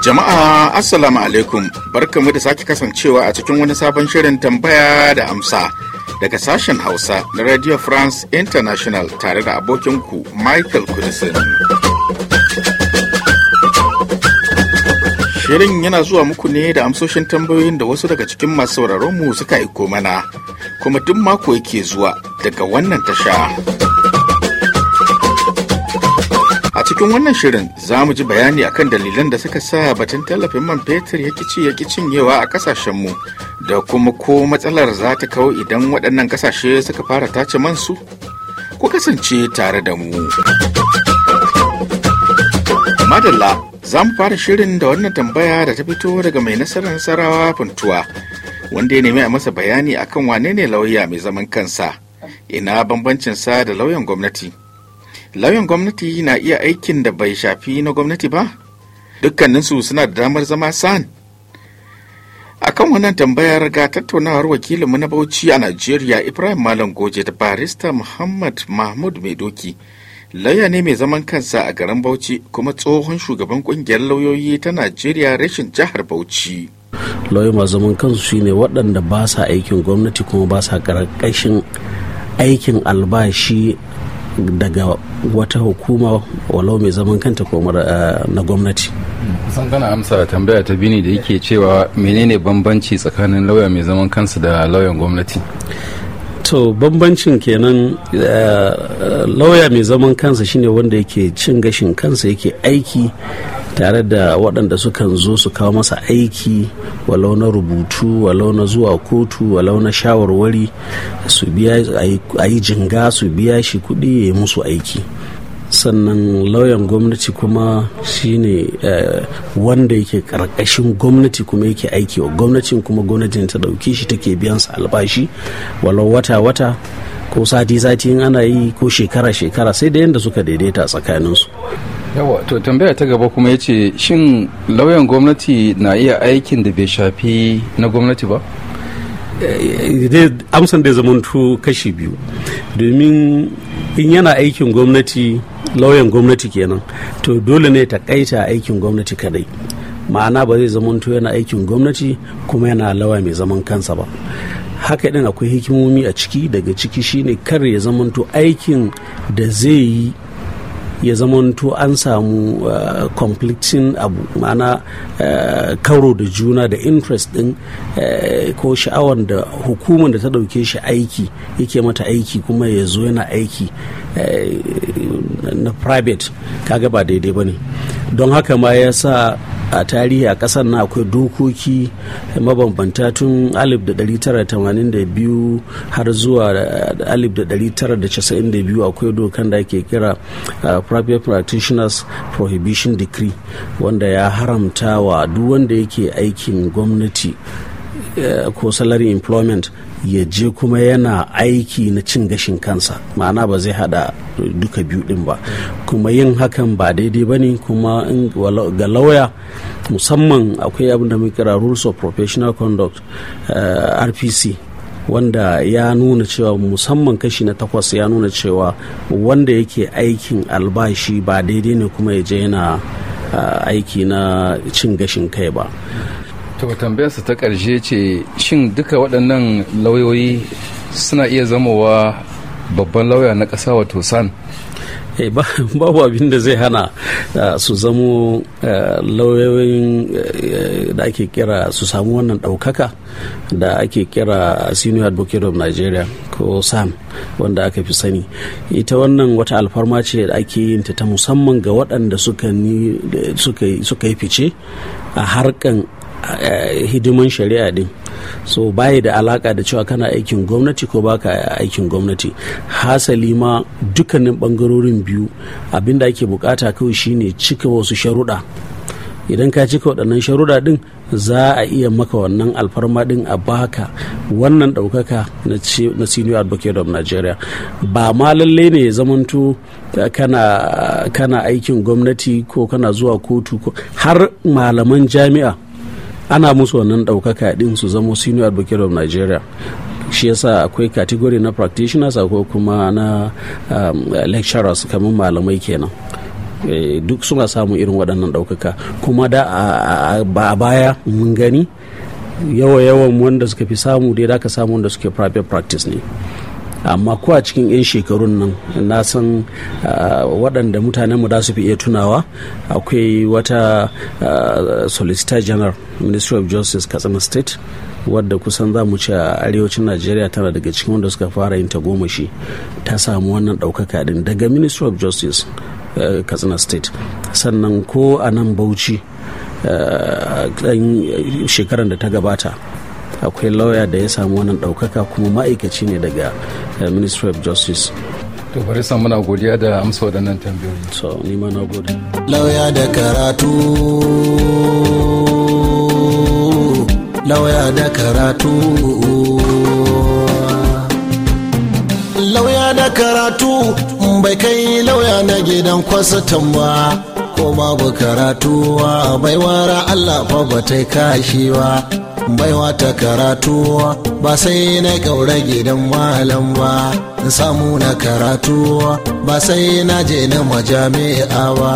Jama'a Assalamu alaikum barkamu da sake kasancewa a cikin wani sabon shirin tambaya da amsa daga sashen Hausa na Radio France International tare da abokinku Michael Kudisin. Shirin yana zuwa muku ne da amsoshin tambayoyin da wasu daga cikin masu sauraron mu suka aiko mana, kuma duk mako yake zuwa daga wannan tasha. A cikin wannan shirin za mu ji bayani akan dalilan da suka sa batun tallafin man fetur ya kici ya cinyewa a mu da kuma ko matsalar za ta kawo idan waɗannan kasashe suka fara tace mansu Ku kasance tare da mu. Madalla za mu fara shirin da wannan tambaya da ta fito daga mai nasarar sarawa funtuwa wanda ya nemi a masa bayani akan wane ne lauya mai zaman kansa ina bambancin sa da lauyan gwamnati. Lauyan gwamnati na iya aikin da bai shafi na gwamnati ba? Dukkaninsu suna da damar zama san. Akan wannan tambayar ga tattaunawar wakilinmu na Bauchi a Najeriya Ibrahim Malam Goje da barista Muhammad Mahmud Mai Doki. lauya ne mai zaman kansa a garin bauchi kuma tsohon shugaban kungiyar lauyoyi ta najeriya rashin jihar bauchi lauyoyi masu zaman kansu shine waɗanda ba sa aikin gwamnati kuma ba sa ƙarƙashin aikin albashi daga wata hukuma walau mai zaman kanta ko eh, na gwamnati kusan kana amsa tambaya ta bini da yake cewa menene bambanci tsakanin lauya mai zaman kansa da lauyan gwamnati to bambancin kenan eh, lauya mai zaman kansa shine wanda yake cin gashin kansa yake aiki tare da waɗanda sukan zo su kawo masa aiki walau na rubutu walau na zuwa kotu walau na shawarwari su biya a yi jinga su biya shi kuɗi ya yi musu aiki sannan lauyan gwamnati kuma shine eh, wanda yake karkashin gwamnati kuma yake aiki wa gwamnatin kuma gwamnatin ta dauke shi take biyan sa albashi walau wata-wata ko sati-sati in ana yi ko shekara-shekara sai da yadda suka daidaita tsakaninsu yawa to tambaya ta gaba kuma ya ce shin lauyan gwamnati na iya aikin da bai shafi na gwamnati ba amsan da zamanto kashi biyu domin in yana aikin gwamnati lauyan gwamnati kenan to dole ne ta kaita aikin gwamnati kadai ma'ana ba zai zamanto yana aikin gwamnati kuma yana lawa mai zaman kansa ba haka ɗin akwai hikimomi a ciki daga ciki shine kar ya zamanto aikin da zai yi ya zamanto an samu uh, conflicting abu ma'ana uh, karo da juna da interest din uh, ko sha'awar da hukumar da ta dauke shi aiki yake mata aiki kuma ya zo yana aiki na private kaga ba daidai ba ne don haka ma ya sa a tarihi a kasar na akwai dokoki mabambanta tun 1982 har zuwa 1992 eh, akwai dokan da ake kira eh, private practitioners prohibition decree wanda ya haramta wa duk wanda yake aikin gwamnati eh, ko salary employment ya je kuma yana aiki na cin gashin kansa ma'ana ba zai hada duka biyu din ba kuma yin hakan ba daidai ba ne kuma ga lauya musamman akwai abin da muke kira rules of professional conduct uh, eh, rpc wanda ya nuna cewa musamman kashi na takwas ya nuna cewa wanda yake aikin albashi ba daidai ne kuma ya je yana eh, aiki na cin gashin kai ba to tambayarsa ta ƙarshe ce shin duka waɗannan lauyoyi suna iya zamowa babban lauya na ƙasa wato san eh, babu abin da zai hana eh, su zamo eh, lauyoyin da ake kira su samu wannan ɗaukaka da ake kira senior advocate of nigeria ko sam wanda aka fi sani ita wannan wata alfarma ce da ake yin ta musamman ga waɗanda suka yi fice a harkan Eh, hidiman shari'a din so baya da alaka da cewa kana aikin gwamnati ko baka aikin gwamnati hasali ma dukkanin bangarorin biyu abinda ake bukata kawai shine cika wasu sharuɗa idan ka cika waɗannan sharuɗa din za a iya maka wannan alfarma din a baka wannan ɗaukaka na senior advocate of nigeria ba ma lallai ne ya zamanto eh, kana aikin gwamnati ko kana zuwa kotu har malaman jami'a ana musu wannan ɗaukaka ɗin su zamo senior advocate of nigeria shi yasa akwai category na practitioners akwai kuma na um, lecturers kamar malamai kenan eh, duk suna samun irin waɗannan ɗaukaka kuma da a baya mun gani yawa-yawan wanda suka fi samu dai da ka samu wanda suke private practice ne amma ko a cikin 'yan shekarun nan na san waɗanda mutanenmu da su fi iya tunawa akwai wata solicitor general ministry of justice katsina state wadda kusan za mu ce a arewacin najeriya tana daga cikin wanda suka fara yin shi ta samu wannan ɗaukaka din daga ministry of justice katsina state sannan ko a nan bauchi ɗan shekaran da ta gabata akwai lauya da ya samu wannan ɗaukaka kuma ma'aikaci ne daga Eh, ministry of justice to bari san muna godiya da amsa waɗannan tambayoyi so ni ma na gode lauya da karatu lauya da karatu lauya da karatu bai kai lauya na gidan kwasa tamba ko babu karatuwa baiwara Allah fa ba ta kashi ba baiwa ta karatuwa ba sai na gaura gidan malam ba samu na karatuwa ba sai na je na majami'a ba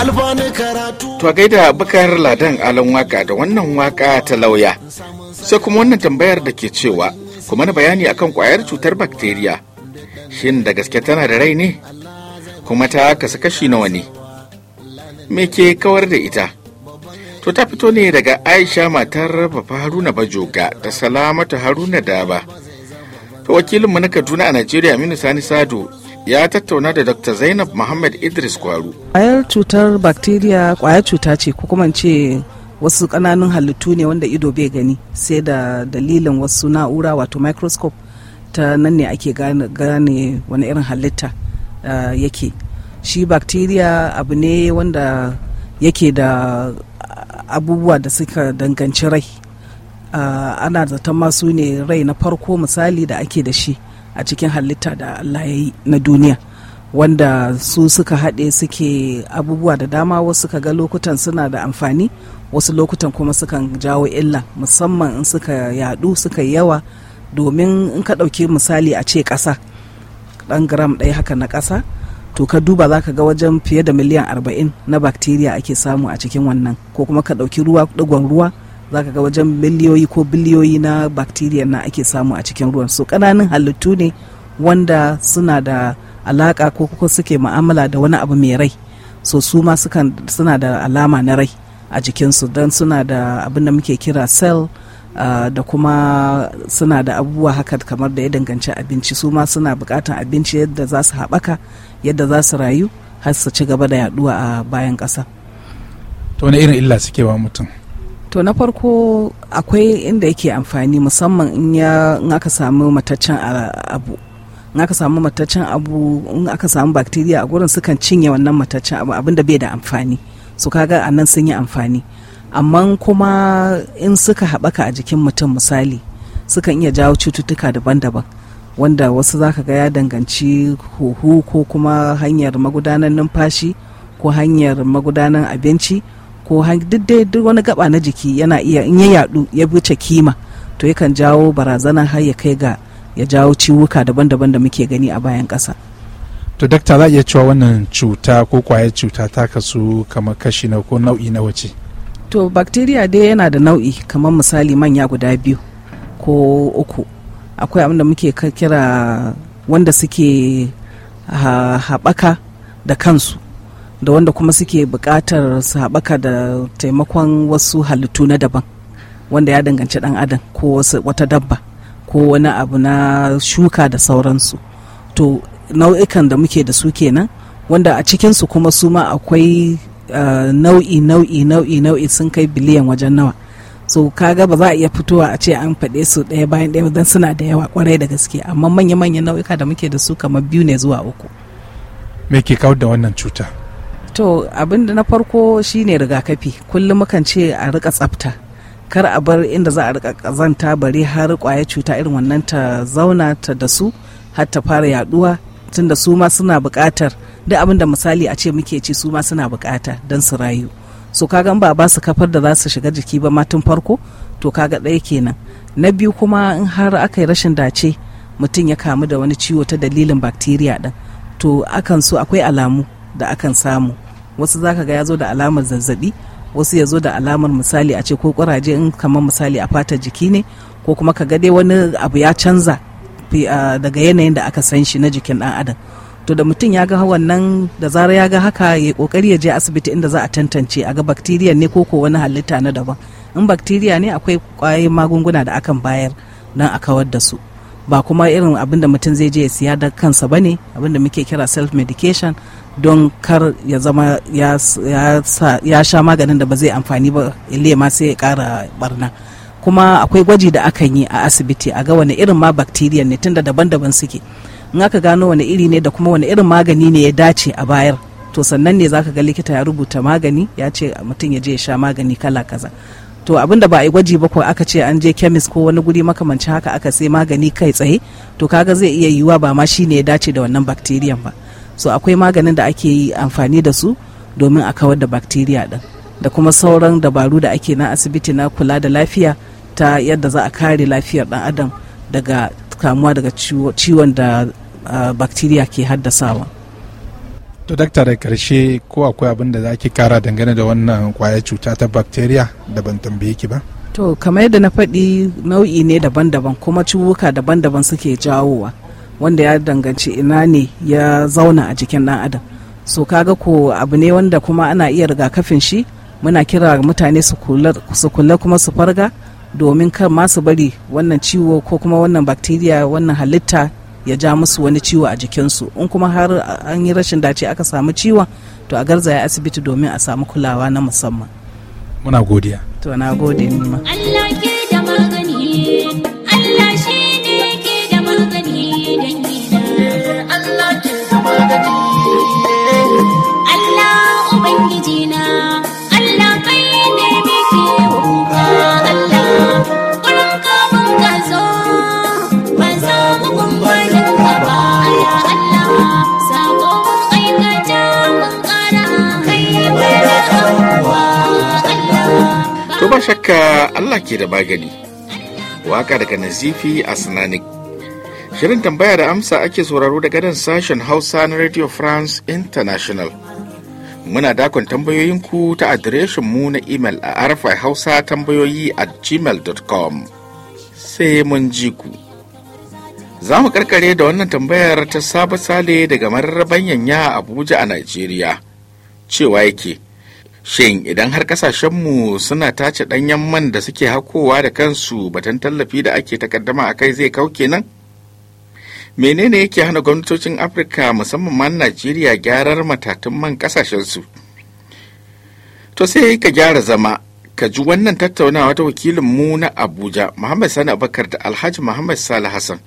alfanu karatu to gaida bakar ladan alan waka da wannan waka ta lauya sai kuma wannan tambayar da ke cewa kuma na bayani akan kwayar cutar bakteriya shin da gaske tana da rai ne kuma ta kasa kashi nawa ne me ke kawar da ita to ta fito ne daga aisha matar bafa haruna bajoga da salamatu haruna daba to wakilinmu na kaduna a najeriya aminu sani sado ya tattauna da dr zainab muhammad idris kwaru ƙwayar cutar bacteria ƙwayar cuta ce ko kuma ce wasu ƙananun halittu ne wanda ido bai gani sai da dalilin wasu na'ura wato microscope ta nan ne ake gane, wani irin halitta eh, yake shi bacteria abu ne wanda yake da abubuwa da suka danganci rai ah, ana zaton masu ne rai na farko misali da ake da shi a cikin halitta da allah ya yi na duniya wanda su suka haɗe suke abubuwa da dama wasu suka ga lokutan suna da amfani wasu lokutan kuma sukan jawo illa musamman in suka yadu suka yi yawa domin in ka ɗauki misali a ce ƙasa ɗan gram ɗaya haka na ƙasa to ka duba za ka ga wajen fiye da miliyan 40 na bakteriya ake samu a cikin wannan ko kuma ka ɗauki ruwa ɗigon ruwa za ka ga wajen miliyoyi ko biliyoyi na bakteriya na ake samu a cikin ruwan so ƙananan halittu ne wanda suna da alaƙa ko kuma suke ma'amala da wani abu mai rai so su ma suna da alama na rai a jikinsu don suna da abin da muke kira cell Ah, da kuma suna da abubuwa haka kamar da ya danganci abinci su ma suna bukatan abinci yadda za su haɓaka yadda za su rayu har su ci gaba da yaduwa a bayan ƙasa to na irin illa suke wa mutum to na farko akwai inda yake amfani musamman in aka samu mataccen abu in aka samu mataccen abu in aka samu bakteriya a gurin sukan cinye wannan mataccen abu abinda bai da amfani su kaga a nan sun yi amfani amma kuma in suka haɓaka a jikin mutum misali sukan iya jawo cututtuka daban-daban wanda wasu zaka ga ya danganci huhu ko kuma hanyar magudanar numfashi ko hanyar magudanar abinci ko duk dai duk wani gaba na jiki yana iya in ya yadu ya buce kima to yakan jawo barazana har ya kai ga ya jawo ciwuka daban-daban da muke gani a bayan ƙasa. to dakta za iya cewa wannan cuta ko kwayar cuta ta kasu kamar kashi na ko nau'i na wace to bacteria dai yana da nau'i kamar misali manya guda biyu ko uku akwai abinda muke kira wanda suke haɓaka da kansu da wanda kuma suke buƙatar su haɓaka da taimakon wasu halittu na daban wanda ya danganci ɗan adam ko wata dabba ko wani abu na shuka da sauransu to nau'ikan da muke da su kenan wanda a cikinsu kuma su ma akwai nau'i nau'i nau'i nau'i sun kai biliyan wajen nawa so kaga ba za a iya fitowa a ce an faɗe su ɗaya bayan ɗaya don suna da yawa kwarai da gaske amma manya-manyan nau'ika da muke da su kamar biyu ne zuwa uku me ke kawar da wannan cuta to abin da na farko shine rigakafi kullum mukan ce a rika tsafta kar a bar inda za a rika kazanta bari har kwaye cuta irin wannan ta zauna ta da su har ta fara yaduwa tunda su ma suna buƙatar duk abin da misali a ce muke ci su ma suna bukata don su rayu so kaga in ba ba su kafar da za su shiga jiki ba ma tun farko to kaga ɗaya kenan na biyu kuma in har aka yi rashin dace mutum ya kamu da wani ciwo ta dalilin bakteriya ɗin to akan so akwai alamu da akan samu wasu zaka ga ya zo da alamar zazzabi wasu ya zo da alamar misali a ce ko kuraje in kamar misali a fatar jiki ne ko kuma ka ga dai wani abu ya canza daga yanayin da aka san shi na jikin ɗan adam to da mutum ya ga wannan da zara ya ga haka ya kokari ya je asibiti inda za a tantance a ga bakteriya ne ko ko wani halitta na daban in bakteriya ne akwai kwayoyin magunguna da akan bayar don a kawar da su ba kuma irin abin da mutum zai je ya siya da kansa ba ne abin da muke kira self medication don kar ya zama ya sha maganin da ba zai amfani ba ile ma sai ya kara barna kuma akwai gwaji da akan yi a asibiti a ga wani irin ma bacteria ne tunda daban-daban suke in aka gano wani iri ne da kuma wani irin magani ne ya dace a bayar to sannan ne zaka ga likita ya rubuta magani ya ce mutum ya je ya sha magani kala kaza to abin da ba a yi gwaji ba ko aka ce an je chemist ko wani guri makamancin haka aka sai magani kai tsaye to kaga zai iya yiwuwa ba ma shi ne ya dace da wannan bacteria ba so akwai maganin da ake yi amfani da su domin a kawar da bacteria din da kuma sauran dabaru da ake na asibiti na kula da lafiya ta yadda za a kare lafiyar ɗan adam daga kamuwa daga ciwon da ah, bacteria ke haddasawa to dakta da karshe ko akwai abin da za ki kara dangane da wannan kwayar cuta ta bacteria da ban tambaye ki ba to kamar yadda na faɗi nau'i ne daban-daban kuma ciwuka daban-daban suke jawowa wanda ya danganci ina ne ya zauna a jikin ɗan adam so kaga ko abu ne wanda kuma ana iya rigakafin shi muna kira mutane su kula kuma su farga domin kan masu bari wannan ciwo ko kuma wannan bakteriya wannan halitta ya ja musu wani ciwo a jikinsu in kuma har an yi rashin dace aka samu ciwon to a garzaya asibiti domin a samu kulawa na musamman muna godiya to na gode ma ba shakka Allah ke da magani waka daga nazifi a sinanik shirin tambaya da amsa ake sauraro daga gadon sashen hausa na radio france international muna dakon tambayoyinku ta adireshin mu na imel a arafai hausa tambayoyi a gmail.com sai mun ji ku za mu karkare da wannan tambayar ta sabu sale daga mararraban yanya abuja a nigeria cewa yake Shin idan har kasashenmu suna tace ɗanyen man da suke hakowa da kansu batan tallafi da ake takaddama a kai zai kau kenan? Menene yake hana gwamnatocin Afirka musamman man Najeriya gyarar matatun man kasashensu? To sai ka gyara zama, ka ji wannan tattaunawa ta wakilinmu na Abuja, Muhammad Sani Abakar da Alhaji Muhammad Salih Hassan,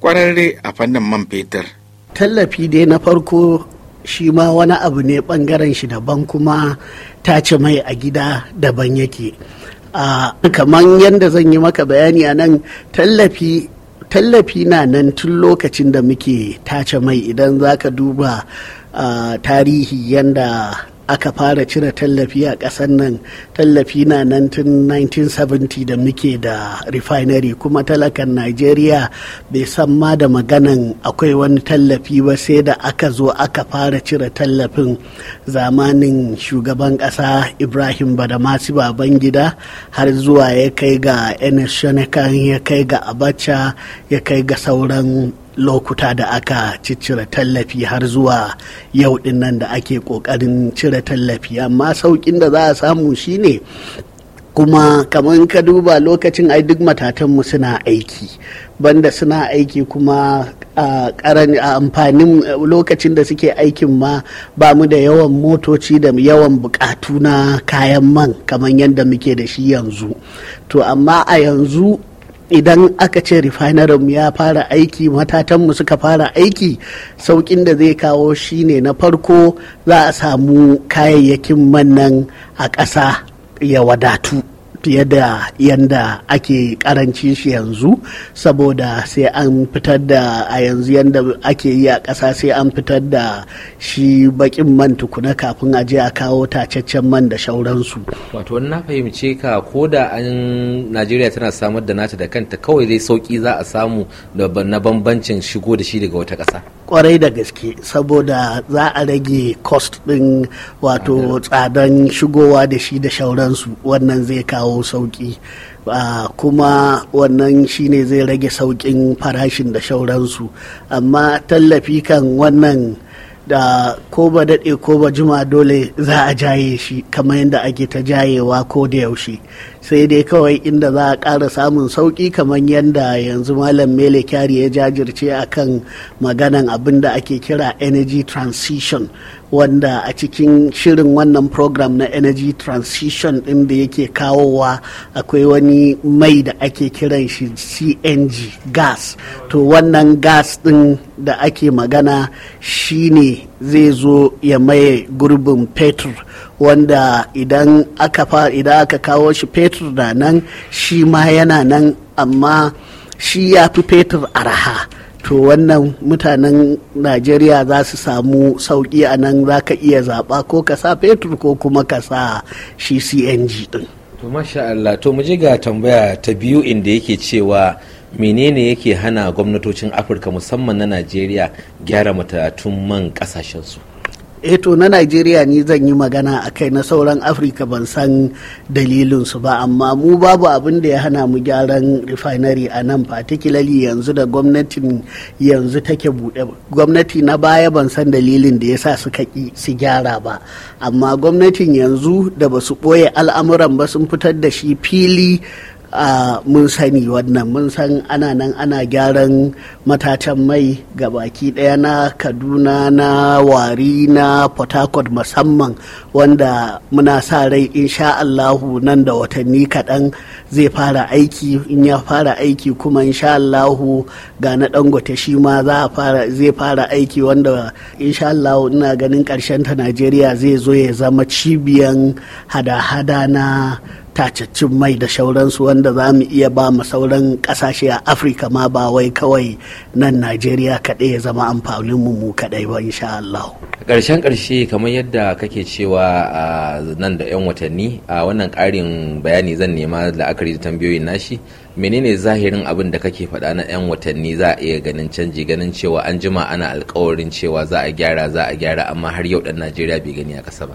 kwararre a fannin man fetur. Tallafi dai na farko shi ma wani abu ne bangaren shi daban kuma tace mai a gida daban yake kamar yadda zan yi maka bayani a nan tallafi tallafi na nan tun lokacin da muke tace mai idan za ka duba tarihi yadda aka fara cire tallafi a ƙasar nan tallafi na nan 1970 da muke da refinery kuma talakan Najeriya bai san ma da maganan akwai wani tallafi ba sai da aka zo aka fara cire tallafin zamanin shugaban ƙasa Ibrahim Badamasi gida har zuwa ya kai ga Enes Shonekan ya kai ga Abacha ya kai ga sauran lokuta da aka ciccire tallafi har zuwa yau din nan da ake kokarin cire tallafi amma saukin da za a samu shine kuma kamar ka duba lokacin ai duk matatanmu suna aiki banda suna aiki kuma a karan amfanin lokacin da suke aikin ma ba mu da yawan motoci da yawan bukatu na kayan man kamar yadda muke da shi yanzu to amma a yanzu idan aka ce refinerin ya fara aiki matatanmu suka fara aiki saukin da zai kawo shine na farko za a samu kayayyakin mannan a ƙasa ya wadatu fiye da yanda ake karancin shi yanzu saboda sai an fitar da a yanzu yanda ake yi a ƙasa sai an fitar da shi baƙin man tukuna kafin a je a kawo tacaccen man da shauransu wato na fahimce ka ko da an najeriya tana samar da nata da kanta kawai zai sauki za a samu na bambancin shigo da shi daga wata ƙasa kwarai da gaske saboda za a rage cost din wato tsadan shigowa da shi da shauransu wannan zai kawo sauki kuma wannan shine zai rage sauƙin farashin da shauransu amma tallafi kan wannan da ko ba daɗe ko ba juma dole za a jaye shi kamar yadda ake ta jayewa ko da yaushe sai dai kawai inda za a ƙara samun sauƙi kamar yadda yanzu malam mele kyari ya jajirce akan maganan abin da ake kira energy transition wanda a cikin shirin wannan program na energy transition ɗin da yake kawowa akwai wani mai da ake kiran shi cng gas to wannan gas ɗin da ake magana shine zai zo ya maye gurbin fetur wanda idan aka idan aka kawo shi fetur da nan shi ma yana nan amma shi ya fi fetur araha to wannan mutanen najeriya za su samu sauƙi a nan za ka iya zaɓa ko ka sa fetur ko kuma ka sa shi cng din to masha Allah to muje ga tambaya ta biyu inda yake cewa menene yake hana gwamnatocin afirka musamman na najeriya gyara matatun man kasashensu eto eh, na najeriya ni zan yi magana a kai na sauran afirka ban san dalilinsu ba amma mu babu abin da ya hana mu gyaran refinery a nan particularly yanzu da gwamnatin yanzu take buɗe gwamnati na baya ban san dalilin da ya sa suka ki su gyara ba amma gwamnatin yanzu da ba su ɓoye al'amuran ba sun fitar da shi fili a mun sani wannan mun san ana nan ana gyaran matatan mai ga baki ɗaya na kaduna na wari na port musamman wanda muna sa rai insha allahu nan da watanni kaɗan zai fara aiki in ya fara aiki kuma insha allahu ga na dangote shi ma zai fara aiki wanda insha allahu ina ganin ƙarshen ta najeriya zai zo ya zama cibiyan hada-hada na tacaccin mai da shauransu wanda za mu iya ba mu sauran kasashe a afirka ma ba wai kawai nan najeriya kaɗai ya zama amfanin mu mu kaɗai ba insha Allah. ƙarshen ƙarshe kamar yadda kake cewa a nan da 'yan watanni a wannan ƙarin bayani zan nema la'akari da tambayoyin nashi menene zahirin abin da kake faɗa na 'yan watanni za a iya ganin canji ganin cewa an jima ana alkawarin cewa za a gyara za a gyara amma har yau ɗan najeriya bai gani a ƙasa ba.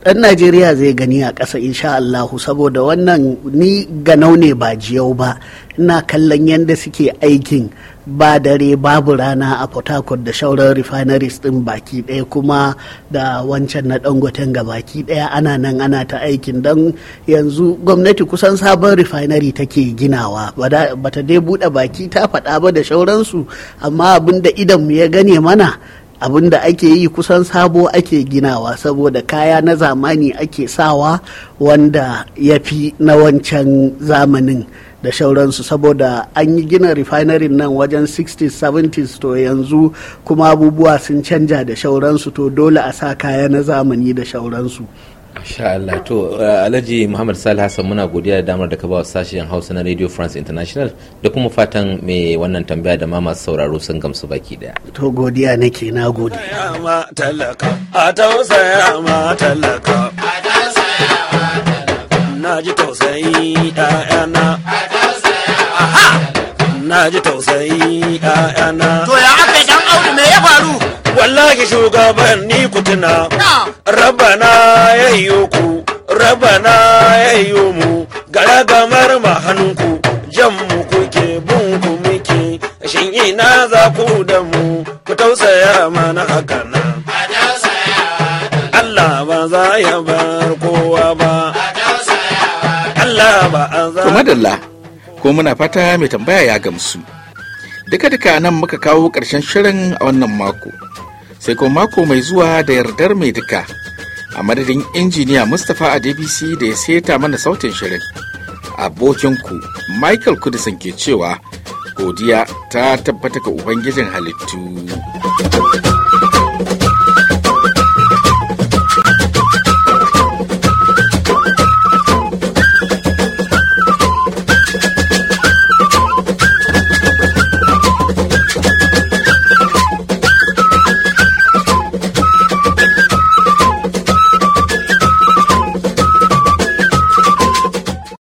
dan najeriya zai gani a ƙasa insha Allahu saboda wannan ni ganau ne ba jiyau ba ina kallon yadda suke aikin ba dare babu rana a port da shauran refineries din baki ɗaya kuma da wancan na dangoten ga baki ɗaya ana nan ana ta aikin don yanzu gwamnati kusan sabon refinery take ginawa bata dai buɗe baki ta faɗa ba da shauransu amma abin da mu ya gane mana abin da ake yi kusan sabo ake ginawa saboda kaya na zamani ake sawa wanda ya fi na wancan zamanin da shauransu saboda an yi gina refinery nan wajen 60s 70s to yanzu kuma abubuwa sun canja da shauransu to dole a sa kaya na zamani da shauransu Masha Allah to uh, Alhaji Muhammad Salih Hassan muna godiya da damar da ka ba sashen Hausa na Radio France International da kuma fatan me wannan tambaya da ma masu sauraro sun gamsu baki daya. To godiya nake na gode. ma talaka a tausaya ma talaka. Na ji tausayi ɗayana. Na ji tausayi ɗayana. To ya aka dan aure me ya faru? Wallahi shugaban ni kutuna. Rabana ya ku rabana ya mu garagamar mahanku jan mu kuke bunku muke shin ina za ku da mu ku tausaya mana haka nan Allah ba za ya bar kowa ba Allah ba a za kuma dalla ko muna fata mai tambaya ya gamsu duka-duka nan muka kawo ƙarshen shirin a wannan mako sai ko mako mai zuwa da yardar mai duka a madadin injiniya mustapha dbc da ya seta mana sautin shirin abokinku michael kudisan ke cewa godiya ta tabbata ga ubangijin halittu